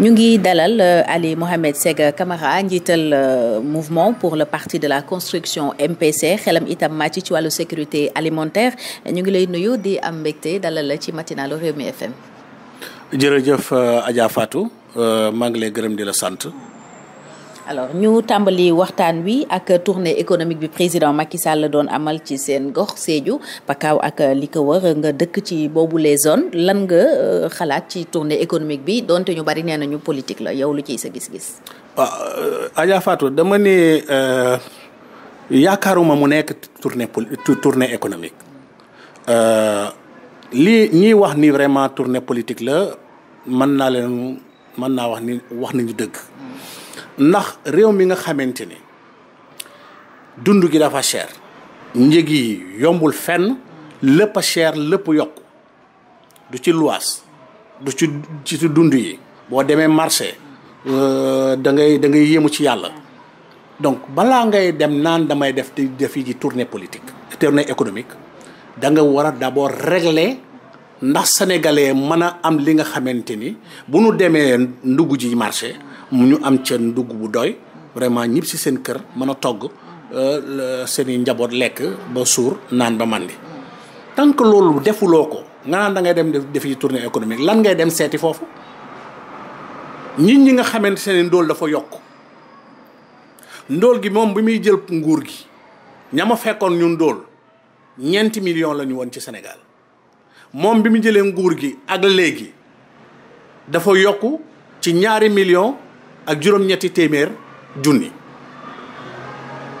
ñu ngi dalal euh, Ali Mohamed Sega Camara njiital euh, mouvement pour le parti de la construction MPC xelam itam màcc ci wàllu sécurité alimentaire ñu ngi lay nuyu di am mbégte dalal la ci matinalu Rewmi FM. jërëjëf euh, Adja Fatou maa ngi lay gërëm di la sant. alors ñu tàmbali waxtaan wi ak tournée économique bi président Macky la doon amal ci seen gox Sédhiou Pakaaw ak li ko wër nga dëkk ci boobu les zones lan nga euh, xalaat ci tournée économique bi donte ñu bari nee ñu politique la yow lu ciy sa gis-gis. waaw euh, Adja Fatou dama ne euh, yaakaaruma mu nekk tournée tournée économique lii ñiy wax ni vraiment tournée politique la mën naa leen mën naa wax ni wax nañu dëgg. ndax réew mi nga xamante ni dund gi dafa cher. njëg yi yombul fenn lépp cher lépp yokk du ci luwaas du ci ci dund yi. boo demee marché euh, da ngay da ngay ci yàlla donc balaa ngay dem naan damay def di def yi tournée politique. tournée économique da nga war a d'abord régler ndax sénégalais mën a am li nga xamante ni bu nu demee ndugg ji marché. mu ñu am ca ndugg bu doy vraiment ñëpp si seen kër mën a togg euh, seen i njaboot lekk ba suur naan ba màndi tant que loolu defuloo ko nga naan dangay ngay dem def defi tournée économique lan ngay dem seeti foofu nit ñi nga xamante seen ndóol dafa yokk ndóol gi moom bi muy jël nguur gi ñama fekkoon ñu ndóol ñeenti million la ñu woon ci senegal moom bi mu jëlee nguur gi ak léegi dafa yokk ci ñaari million ak juróom-ñetti téeméer junni.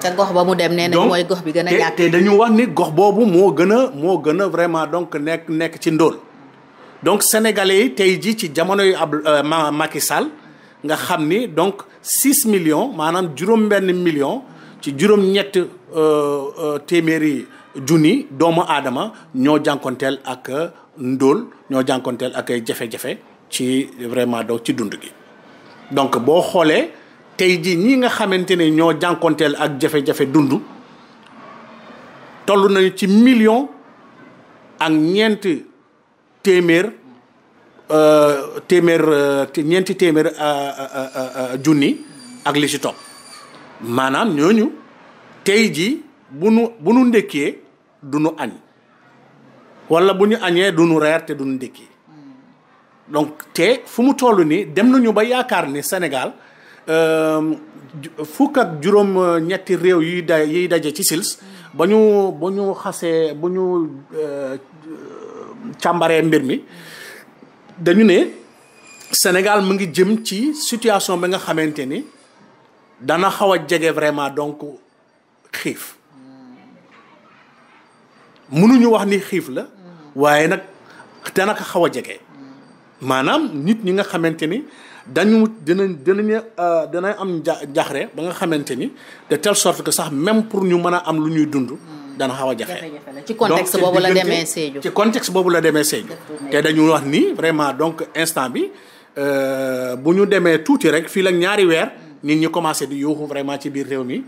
te gox ba mu dem nee nañ mooy gox bi gën a ñàkk te dañu wax ni gox boobu moo gën a moo gën a vraiment donc nekk nekk ci ndóol donc sénégalais tey jii ci jamono yu ab euh, Macky Sall nga xam ni donc six million maanaam juróom mbenn million ci juróom-ñett euh, euh, téeméeri junni doomu aadama ñoo jànkonteel ak ndóol ñoo jànkonteel ak ay jafe-jafe ci vraiment donc ci dund gi. donc boo xoolee tey jii ñi nga xamante ne ñoo jànkonteel ak jafe-jafe dund toll nañu ci million ak ñeent téeméer euh, téeméer euh, ñeenti téeméer euh, junni ak li ci topp maanaam ñooñu tey jii bu nu bu nu ndékkee du nu añ wala bu ñu añee du nu reer te du nu ndékki donc te fu mu toll nii dem nañu ba yaakaar ni Sénégal euh, fukk ak juróom euh, ñetti réew yuy da yuy daje ci SILS ba ñu ba xasee ba ñu euh, càmbaree mbir mi dañu ne Sénégal mu ngi jëm ci situation bi nga xamante ni dana xaw a jege vraiment donc xiif mënuñu wax ni xiif la waaye nag dana ko xaw a jege. maanaam nit ñi nga xamante ni dañu dinañ dinañ euh, dinañ am ja jaaxle ba nga xamante ni de telle sorte que sax même pour ñu mën a am lu ñuy dund. dana xaw a jafe ci contexte boobu la demee Sédhiou ci contexte boobu la demee Sédhiou te dañu wax ni vraiment donc instant bi euh, bu ñu demee tuuti rek fii la ñaari weer nit ñi commencé di yuuxu vraiment ci biir réew mi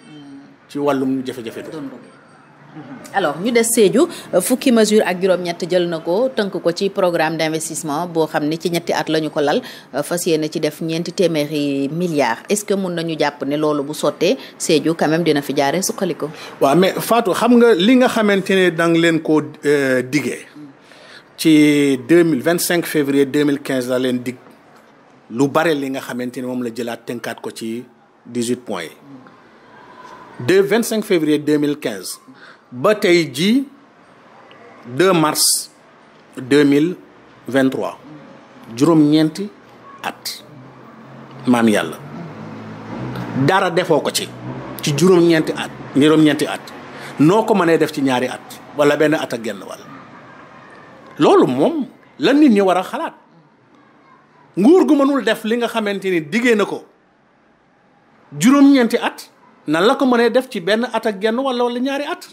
ci wàllum jafe-jafe. Mhm. alors ñu des Sédhiou fukki mesure ak juróom-ñett jël na ko tënk ko ci programme d'investissement boo xam ne ci ñetti at la ñu ko lal fas yéene ci def ñeenti téeméeri milliards est-ce que mun nañu jàpp ne loolu bu sottee Sédhiou quand dina fi jaaree suqali ko. waaw mais Fatou xam nga li nga xamante ne danga leen koo euh, diggee ci deux mille vingt cinq février deux mille quinze la leen dig lu bare li nga xamante ne moom la jëlaat tënkaat ko ci dix huit points yi. Mhm. vingt cinq février deux mille quinze ba tey ji 2 mars 2023 juróom-ñeenti at maam yàlla dara defoo ko ci ci juróom-ñeenti at juróom at noo ko mënee def ci ñaari at wala benn at a genn walla loolu moom lan nit ñi war a xalaat nguur gu mënul def li nga xamante ni diggee na ko juróom-ñeenti at nan la ko mënee def ci benn at ak genn wala wala ñaari at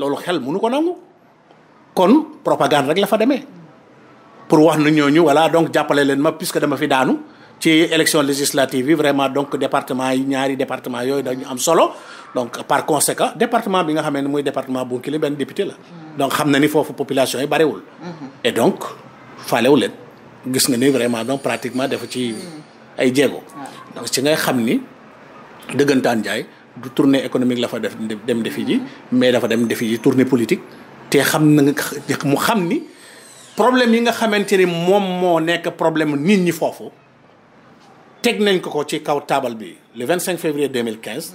loolu xel mu nu ko nangu kon propagande rek la fa demee pour wax na ñooñu voilà donc jàppale leen ma puisque dama fi daanu ci élection législative yi vraiment donc département yi ñaari département yooyu dañu am solo donc par conséquent département bi nga xamee ne muy département Bounkiling benn député la donc xam na ni foofu population yi bariwul mhm. et donc faalewu leen gis nga ni vraiment donc pratiquement dafa ci ay jéego donc ci ngay xam ni dëggantaan jaay du tournée économique la fa def dem defi ji mais dafa dem defi ji tournée politique te xam na mu xam ni problème yi nga xamante ni moom moo nekk problème nit ñi foofu teg nañ ko ko ci kaw taabal bi le 25 février 2015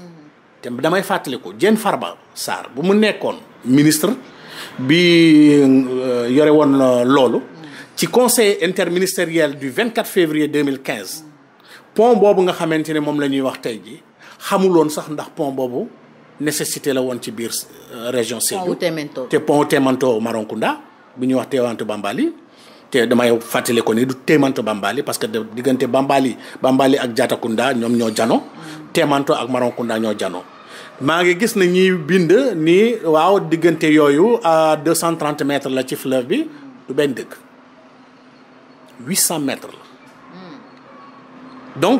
te damay fàttaliku Diène ba Sarr bu mu nekkoon ministre bi euh, yore woon euh, loolu ci conseil interministériel du 24 février 2015 pont boobu nga xamante ne moom la ñuy wax tey ji xamuloon sax ndax pont boobu nécessité la woon ci biir euh, région Sédhiou te pont Témanto Maronkunda bi ñuy wax Témanto Bambali te damay fàttali ko ni du Témanto Bambali parce que diggante Bambali Bambali ak Diatakunda ñoom ñoo jano mm. Témanto ak Maronkunda ñoo jano maa ngi gis na bind ni waaw diggante yooyu à deux cent trente la ci fleuve bi du benn dëkk huit cent mètres la mm.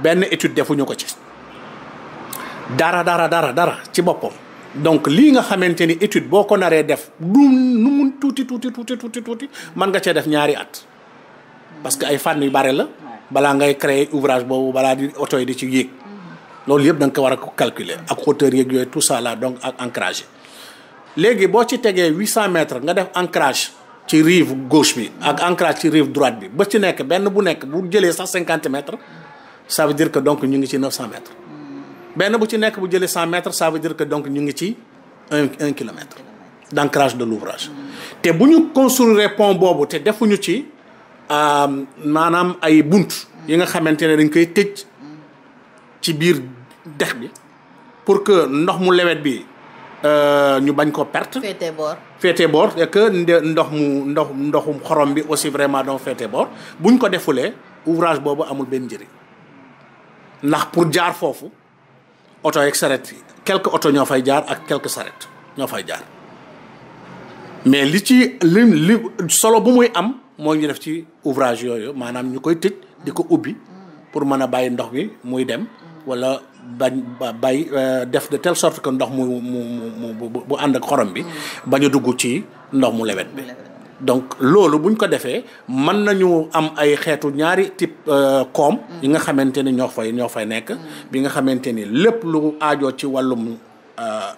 benn étude defuñu ko ci dara dara dara dara ci boppam donc lii nga xamante ni étude boo ko naree def du nu mun tuuti tuuti tuuti tuuti tuuti mën nga cee def ñaari at parce que ay fànn yu bare la balaa ngay créer ouvrage boobu balaa di oto yi di ci yéeg loolu yëpp da nga ko war a calculer ak hauteur yeeg yooyu tout ça la donc ak ancrage léegi boo ci tegee huit cent mètres nga def ancrage ci rive gauche bi ak ancrage ci rive droite bi ba ci nekk benn bu nekk bu jëlee sax cinquante ça veut dire que donc ñu ngi ci 900 mètres. benn bu ci nekk bu jëlee 100 mètres ça veut que donc ñu ngi ci un kilomètre d'ancrage de l'ouvrage te bu ñu construire pont boobu te defuñu ci euh, maanaam ay bunt yi nga xamante ne dañ koy tëj ci biir dex bi pour que ndox mu lewet bi euh, ñu bañ ko perte. féete boor féete boor ndox mu ndox ndoxum xorom bi aussi vraiment donc féete boor buñ ko defulee ouvrage boobu amul benn njëriñ. ndax pour jaar foofu oto yeeg saret yi quelque oto ñoo fay jaar ak quelque saret ñoo fay jaar mais li ci li solo bu muy am mooy ñu ref ci ouvrage yooyu maanaam ñu koy tëj di ko ubbi pour mën a bàyyi ndox bi muy dem wala bañ bay euh, def de telle sorte que ndox mu mu mu bu ànd ak xorom bi bañ a dugg ci ndox mu lewet bi donc loolu buñ ko defee mën nañu am ay xeetu ñaari type euh, koom yi nga xamante ni ñoo fay ñoo fay nekk bi nga xamante ni lépp lu aajoo ci wàllum euh, euh,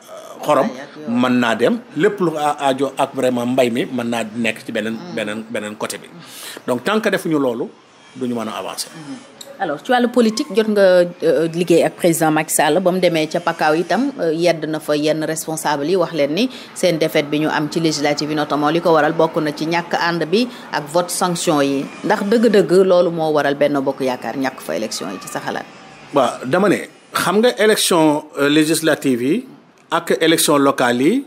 xorom mën naa dem lépp lu ajoo ak vraiment mbay mi mën naa nekk ci beneen mm. beneen beneen côté bi donc tant que defuñu loolu duñu mën a avancer mm-hmm. alors ci wàllu politique jot nga euh, liggéey ak président Macky ba mu demee ca Pakaaw itam euh, yedd na fa yenn responsable yi wax leen ni seen défaite bi ñu am ci législative yi notamment li ko waral bokk na ci ñàkk ànd bi ak vote sanction yi ndax dëgg-dëgg loolu moo waral benn bokk yaakaar ñàkk fa élection yi ci sa xalaat. dama ne xam nga élection euh, législative yi ak élection locale yi.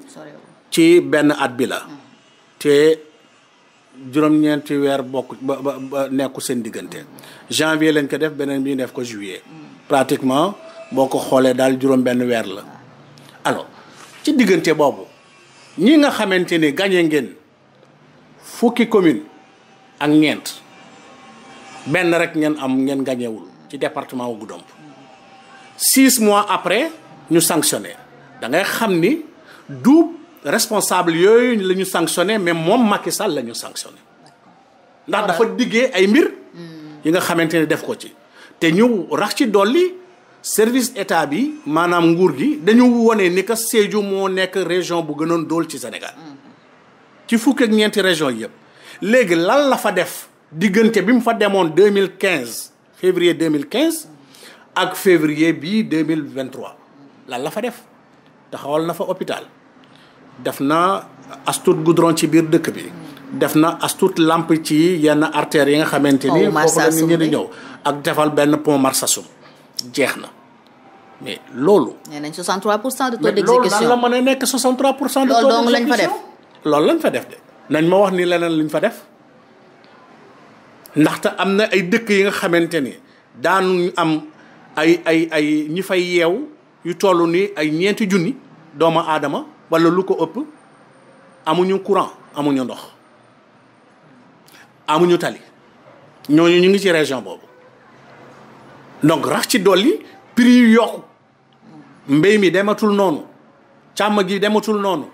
ci benn at bi la. Mm. te juróom-ñeenti weer bokk ba ba nekku seen diggante janvier leen ko def beneen bi ñu def ko juillet pratiquement boo ko xoolee daal juróom-benn weer la alors ci diggante boobu ñi nga xamante ni gagné ngeen fukki commune ak ñeent benn rek ngeen am ngeen gagnéwul ci département wu domp six mois après ñu sanctionné da xam ni du responsable yooyu la ñu sanctionné mais moom Macky Sall la ñu sanctionné ndax dafa diggee ay mbir hmm. yi nga xamante ne def ko ci te ñu rax ci dolli service état bi maanaam nguur gi dañu wone ni que Sédhiou moo nekk région bu gënoon dool ci Sénégal hmm. ci fukk ak ñeenti région yëpp léegi lan la fa def diggante bi mu fa demoon deux mille quinze février deux mille quinze ak février bii deux mille vingt trois la fa def taxawal na fa hôpital def na astut goudron ci biir dëkk bi. def na astut lamp ci yenn artères yi nga xamante ni. foofu la nit ñi ñëw ak defal benn pont Marsassoum jeex na. mais loolu. nee nañ 63 pour cent de taux d'exécution mais mën a nekk 63 pour cent de loolu lañ fa def. de nañ ma wax ni leneen lañ fa def ndaxte am na ay dëkk yi nga xamante ni daanuñ am ay ay ay ñi fay yeew yu toll nii ay ñeenti junni doomu aadama. wala lu ko ëpp amuñu courant amuñu ndox amuñu tali ñooñu ñu ngi ci région boobu donc rax ci dolli prix yu yokku mbéy mi dematul noonu càmm gi dematul noonu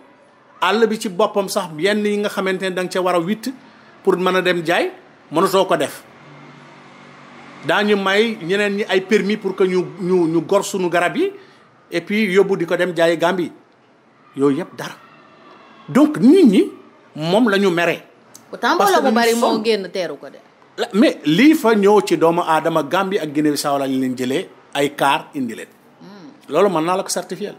àll bi ci boppam sax yenn yi nga xamante ne da nga ca war a witt pour mën a dem jaay mënatoo ko def daañu may ñeneen ñi ay permis pour que ñu ñu ñu gor suñu garab yi et puis yóbbu di ko dem jaayi Gambie yooyu yëpp dara donc nit ñi moom la ñu meree. parce que bu bari moo génn teeru ko de. mais lii fa ñëw ci doomu aadama gàmbi ak Guinée-Bissau lañ leen jëlee ay kaar indi leen. Hmm. loolu mën naa la ko certifier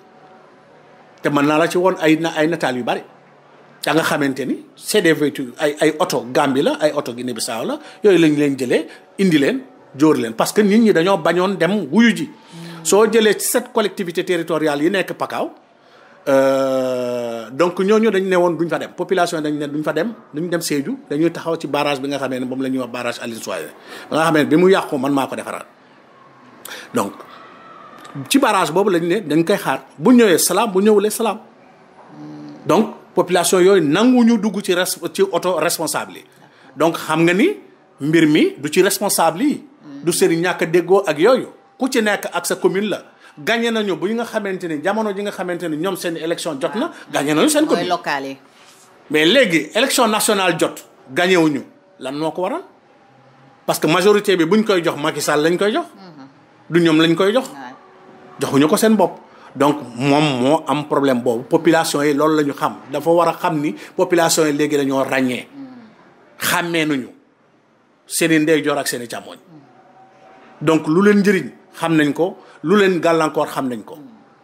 te mën naa la ci woon ay ay nataal yu bari. da nga xamante ni c'est des véhicules ay ay oto Gambie la ay oto Guinée-Bissau la yooyu lañ leen jëlee indi leen jóor leen parce que nit ñi dañoo bañoon dem wuyu ji. Hmm. soo jëlee ci set collectivités territoriale yi nekk pakaaw Euh, donc ñooñu dañu ne woon duñ fa dem population dañ ne duñ fa dem duñ dem Sédhiou dañuy taxaw ci barrage bi nga xamee ne moom la ñuy wax barrage Aline Sitoé ba nga xamee ne bi mu yàqu man maa ko defaraat ci barrage boobu lañ ne dañ koy xaar bu ñëwee salaam bu ñëwulee salaam donc population yooyu nanguñu dugg ci res ci auto responsable yi donc xam nga ni mbir mi du ci responsable yi. du sëriñ ñàkk a ak yooyu ku ci nekk ak sa commune la. gagné nañu bu ñu nga xamante ni jamono ji nga xamante ni ñoom seen élection jot na. gagné nañu seen commune locale yi. mais léegi élection nationale jot gagné wuñu lan moo ko waral parce que majorité bi bu ñu koy jox Macky Sall lañ koy jox. Mm-hmm. du ñoom lañ koy jox. joxuñu ko seen bopp. donc moom moo am problème boobu population yi loolu la ñu xam dafa war a xam ni population yi léegi dañoo ràññee. Mm. xàmmee nuñu seen i ndeyjoor ak seen i càmmoñ donc lu leen njëriñ. xam nañ ko lu leen gàllankoor xam nañ ko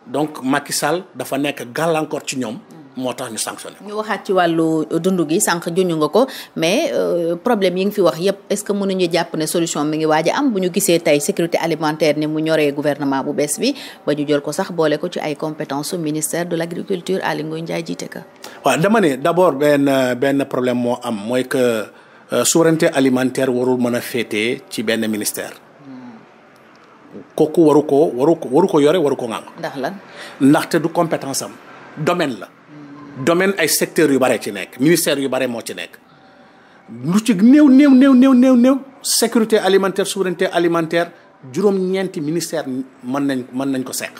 donc Macky Sall dafa nekk gàllankoor ci ñoom. moo tax ñu sanctionné ñu waxaat ci wàllu dund gi sànq juñu nga ko mais euh, problème yi nga fi wax yépp est-ce que mënuñu jàpp ne solution mi ngi waaj a am bu ñu gisee tey sécurité alimentaire ni mu ñoree gouvernement bu bees bi ba ñu jël ko sax boole ko ci ay compétence su ministère de l'agriculture Aly Ngouille njaay jiite ka waaw dama ne d'abord benn benn problème moo am mooy que euh, souveraineté alimentaire warul mën a féetee ci benn ministère kooku waru koo waru ko waru ko yore waru ko ŋàng. ndax lan ndaxte du compétence am domaine la. domaine ay secteurs yu bare ci nekk ministère yu bare moo ci nekk. lu ci néew néew néew néew néew néew sécurité alimentaire souveraineté alimentaire juróom-ñeenti ministère mën nañ mën nañ ko seq.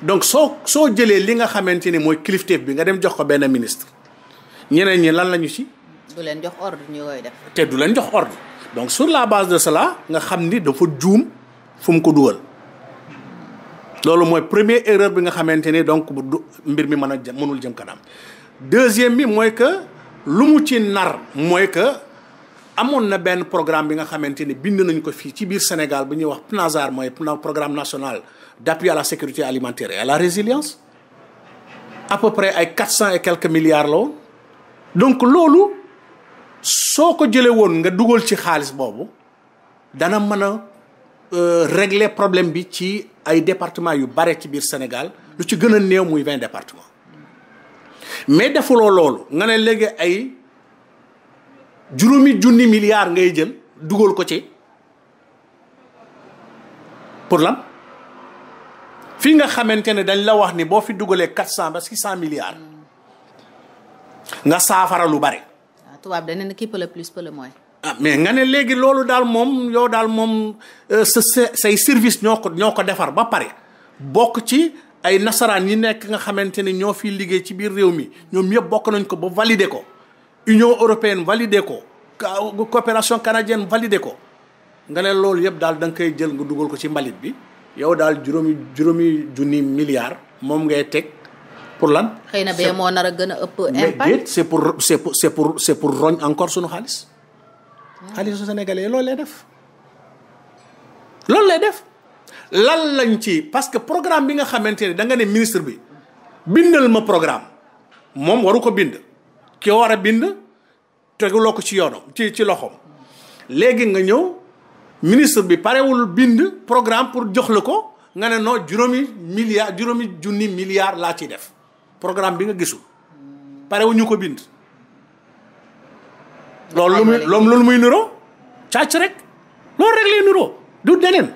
donc soo soo jëlee li nga xamante ni mooy kilifteef bi nga dem jox ko benn ministre ñeneen ñi lan la ñu ci. du leen jox ordre ñu koy def. te du leen jox ordre donc sur la base de cela nga xam ni dafa juum. fu mu ko dugal loolu mooy premier erreur bi nga xamante ni donc du mbir mi mën a mënul jëm kanam deuxième bi mooy que lu mu ci nar mooy que amoon na benn programme bi nga xamante ni bind nañ ko fii ci biir Sénégal bu ñuy wax PNASAR mooy programme national d'appui à la sécurité alimentaire et à la résilience à peu près ay quatre cent et quelques milliards la woon donc loolu soo ko jëlee woon nga dugal ci xaalis boobu dana mën Euh, régler problème bi ci ay département yu bare ci biir Sénégal lu ci gën a néew muy vingt département mais defuloo loolu nga ne léegi ay juróomi junni milliards ngay jël dugal ko ci pour lan fii nga xamante ne dañ la wax ni boo fi dugalee quatre cent ba six cent milliards nga saafara lu bare. waaw ah, tubaab dañ ne qui peut le plus peut le moins. Ah, mais nga ne léegi loolu daal moom yow daal moom euh, sa say service ñoo ko ñoo ko defar ba pare bokk ci ay nasaraan yi nekk nga xamante ne ñoo fiy liggéey ci biir réew mi ñoom yëpp bokk nañ ko ba valider ko Union européenne valider ko coopération canadienne valider ko nga ne loolu yëpp daal da nga koy jël nga dugal ko ci mbalit bi yow daal juróomi juróomi junni milliards moom ngay teg pour lan. xëy na bee moo nar a gën a ëpp impact. pour pour c'est c'est pour roñ encore sunu xaalis. Aliou Sow sénégalais lay def loolu lay def lan lañ ci parce que programme bi nga xamante ne da nga ne ministre bi bindal ma programme moom waru ko bind ki war a bind teguloo ko ci yoonam ci ci loxoom léegi nga ñëw ministre bi parewul bind programme pour jox la ko nga ne noo juróomi milliard juróomi junni milliard laa ci def programme bi nga gisul parewuñu ko bind loolu lu muy loolu muy niroo càcc rek loolu rek lay niroo du deneen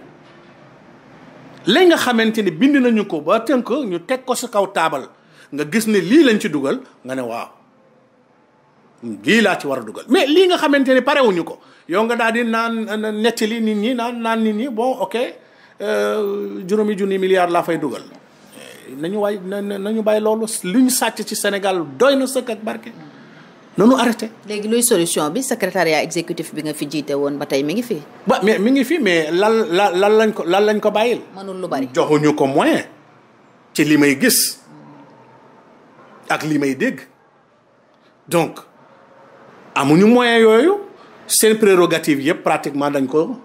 léegi nga xamante ni bind nañu ko ba tënk ñu teg ko si kaw taabal nga gis ni lii lañ ci dugal nga ne waaw lii laa ci war a dugal mais lii nga xamante ni parewuñu ko yow nga daal di naan nettali nit ñi naan naan nit ñi bon ok euh, juróomi junni milliards laa fay dugal nañu waay nañu bàyyi loolu li sàcc ci senegal doy na sëkk ak barke nanu arrêté. léegi luy solution bi secrétariat exécutif bi nga fi jiite woon ba tey mu ngi fi. ba mais mu ngi fi mais lan lan lan lañ ko lan lañ ko bàyyil. mënul lu bari joxuñu ko moyen. ci lii may gis ak lii may dégg donc amuñu moyen yooyu seen prérogative yëpp pratiquement dañ ko.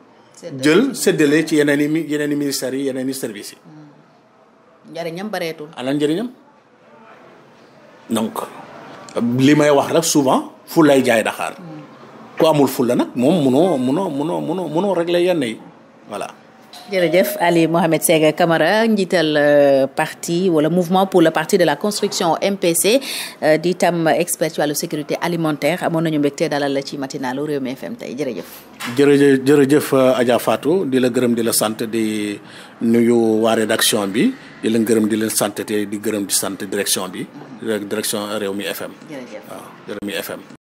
jël seddale ci yeneen i yeneen i ministères yi yeneen i services yi. Hmm. njëriñam bareetul. ala njëriñam donc. lii may wax rek souvent fu lay jaay daxaar ku amul fulla nag moom munoo munoo munoo munoo munoo régler yenn yi voilà. jërëjëf Ali Mohamed Sega Camara njiital euh, parti wala mouvement pour le parti de la construction MPC euh, di tam expert ci sécurité alimentaire amoon nañu mbégte dalal la ci matinalu Rewmi FM tey jërëjëf. jërëjëf jërëjëf euh, di la gërëm di la sant di nuyu waa rédaction bi. di leen gërëm di leen sant te di gërëm di sant direction bi. direction Rewmi FM. waaw Rewmi FM.